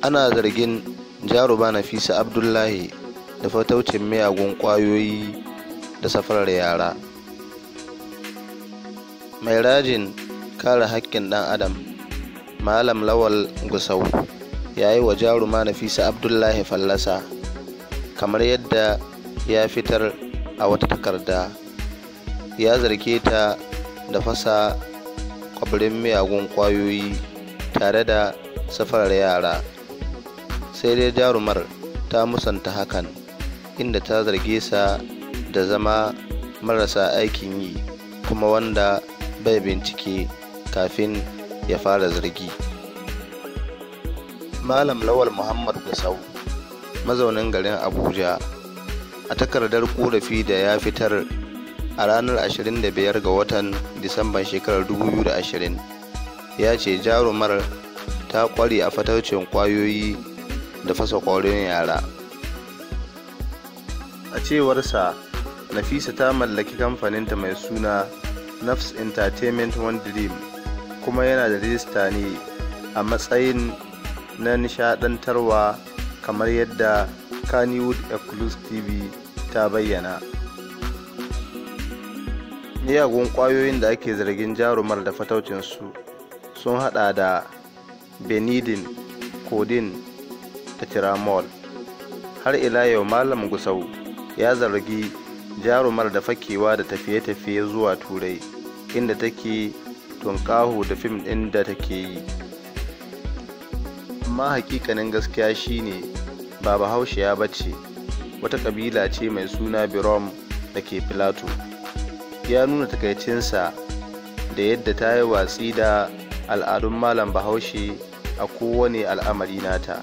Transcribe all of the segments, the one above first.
ana zargin jaruma nafisa abdullahi da fataucin miyagun kwayoyi da safarar yara mai rajin kare hakkin ɗan adam malam lawal gusau ya yi wa jaruma nafisa abdullahi fallasa kamar yadda ya fitar a wata takarda ya zarge ta da fasa kwabirin miyagun kwayoyi tare da safarar yara sai dai jarumar ta musanta hakan inda ta zarge sa da zama marasa aikin yi kuma wanda bai bincike kafin ya fara zargi malam lawal muhammad gusau mazaunin garin abuja a takardar korafi da ya fitar a ranar 25 ga watan disamban shekarar 2020 ya ce jarumar ta kware a fataucin kwayoyi da fasa ƙwarin yara a cewarsa nafisa ta mallaki kamfaninta mai suna nafs entertainment one dream kuma yana da rijista ne a matsayin na nishadantarwa kamar yadda kannywood eclus tv ta bayyana miyagun kwayoyin da ake zargin jarumar da fataucinsu sun hada da benidin kodin mall har ila yau malam gusau ya zargi jarumar da fakewa da tafiye-tafiye zuwa turai inda take tunƙaho da fim ɗin da take yi amma hakikanin gaskiya shine ba bahaushe ya bace wata ƙabila ce mai suna birom da ke filato ya nuna takaicinsa da yadda ta yi watsi da al'adun malam bahaushe a kowane al'amari nata.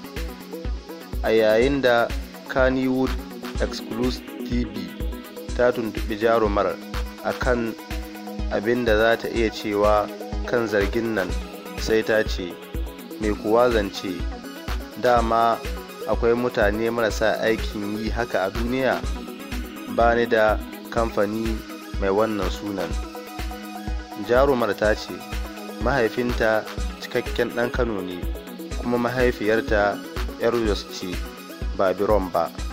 a yayin da kannywood exclusive tv ta tuntuɓi jarumar a kan abin da za ta iya cewa kan zargin nan sai ta ce mai kuwa zance dama akwai mutane marasa aikin yi haka a duniya ba ni da kamfani mai wannan sunan jarumar ta ce mahaifinta cikakken ɗan kano ne kuma mahaifiyarta erroriously by Biromba